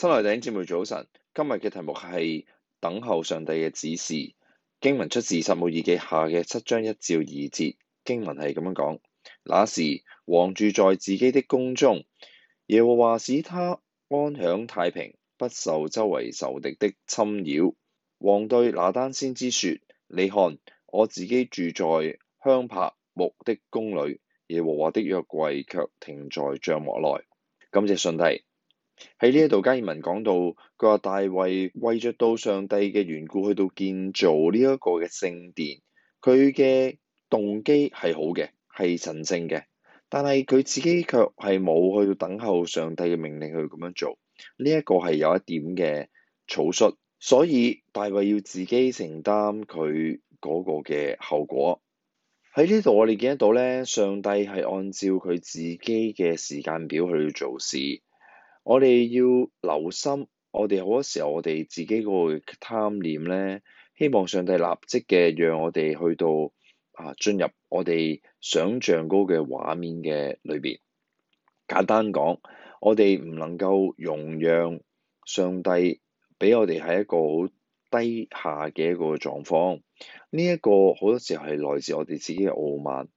新來頂姐妹，早晨，今日嘅題目係等候上帝嘅指示。經文出自《撒母耳記下》嘅七章一至二節。經文係咁樣講：嗯、那時王住在自己的宮中，耶和華使他安享太平，不受周圍仇敵的侵擾。王對拿單先知説：你看，我自己住在香柏木的宮裏，耶和華的約櫃卻停在帳幕內。感謝上帝。喺呢一度，加爾文講到，佢話大衛為著到上帝嘅緣故去到建造呢一個嘅聖殿，佢嘅動機係好嘅，係神聖嘅。但係佢自己卻係冇去到等候上帝嘅命令去咁樣做，呢一個係有一點嘅草率。所以大衛要自己承擔佢嗰個嘅後果。喺呢度我哋見得到咧，上帝係按照佢自己嘅時間表去做事。我哋要留心，我哋好多時候，我哋自己個貪念咧，希望上帝立即嘅讓我哋去到啊進入我哋想象嗰個嘅畫面嘅裏邊。簡單講，我哋唔能夠容讓上帝俾我哋係一個好低下嘅一個狀況。呢、這、一個好多時候係來自我哋自己嘅傲慢，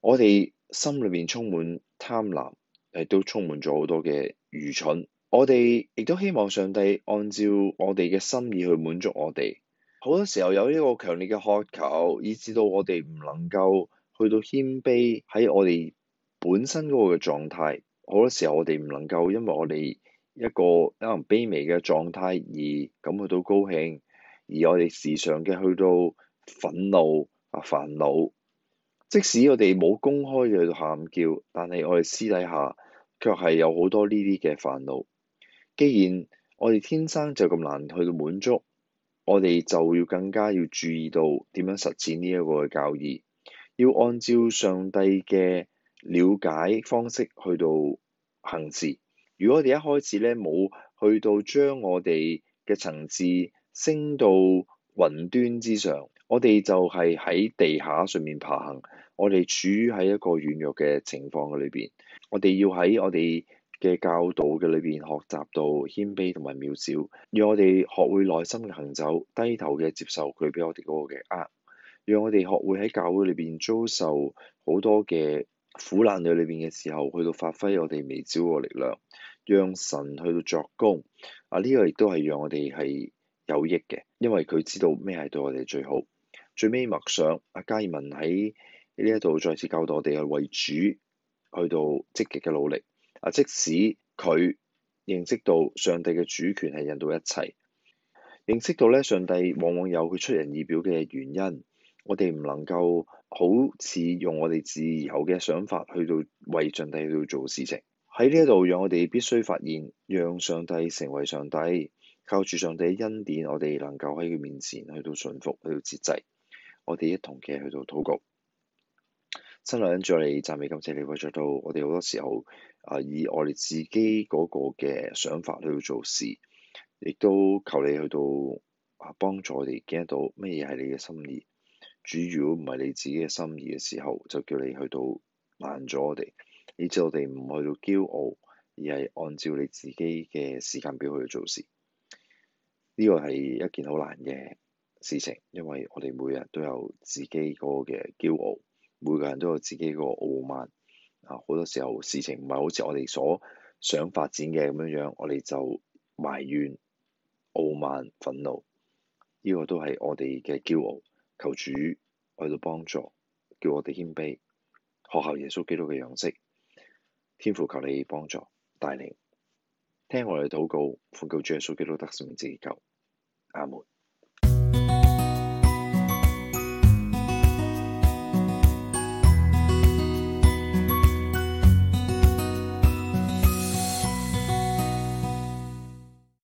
我哋心裏邊充滿貪婪。亦都充滿咗好多嘅愚蠢，我哋亦都希望上帝按照我哋嘅心意去滿足我哋。好多時候有呢個強烈嘅渴求，以致到我哋唔能夠去到謙卑喺我哋本身嗰個嘅狀態。好多時候我哋唔能夠因為我哋一個可能卑微嘅狀態而咁去到高興，而我哋時常嘅去到憤怒啊，煩惱。即使我哋冇公開嘅去喊叫，但係我哋私底下。卻係有好多呢啲嘅煩惱。既然我哋天生就咁難去到滿足，我哋就要更加要注意到點樣實踐呢一個嘅教義，要按照上帝嘅了解方式去到行事。如果我哋一開始咧冇去到將我哋嘅層次升到雲端之上，我哋就係喺地下上面爬行，我哋處於喺一個軟弱嘅情況嘅裏邊。我哋要喺我哋嘅教導嘅裏邊學習到謙卑同埋渺小，讓我哋學會耐心嘅行走，低頭嘅接受佢俾我哋嗰個嘅厄、啊，讓我哋學會喺教會裏邊遭受好多嘅苦難嘅裏邊嘅時候，去到發揮我哋微小嘅力量，讓神去到作工。啊，呢、這個亦都係讓我哋係有益嘅，因為佢知道咩係對我哋最好。最尾默想，阿加爾文喺呢一度再次教導我哋係為主，去到積極嘅努力，啊，即使佢認識到上帝嘅主權係引導一切，認識到咧上帝往往有佢出人意表嘅原因，我哋唔能夠好似用我哋自由嘅想法去到為上帝去做事情。喺呢一度，讓我哋必須發現，讓上帝成為上帝，靠住上帝嘅恩典，我哋能夠喺佢面前去到信服，去到節制，我哋一同嘅去到禱告。真係感謝你讚美感謝你，為著到我哋好多時候，啊，以我哋自己嗰個嘅想法去做事，亦都求你去到啊幫助我哋見到乜嘢係你嘅心意。主，如果唔係你自己嘅心意嘅時候，就叫你去到難咗我哋，以致我哋唔去到驕傲，而係按照你自己嘅時間表去做事。呢個係一件好難嘅事情，因為我哋每日都有自己個嘅驕傲。每個人都有自己個傲慢。啊，好多時候事情唔係好似我哋所想發展嘅咁樣樣，我哋就埋怨、傲慢、憤怒，呢個都係我哋嘅驕傲。求主愛到幫助，叫我哋謙卑，學效耶穌基督嘅樣式。天父，求你幫助帶領，聽我哋禱告，呼求主耶穌基督得勝之名求。阿門。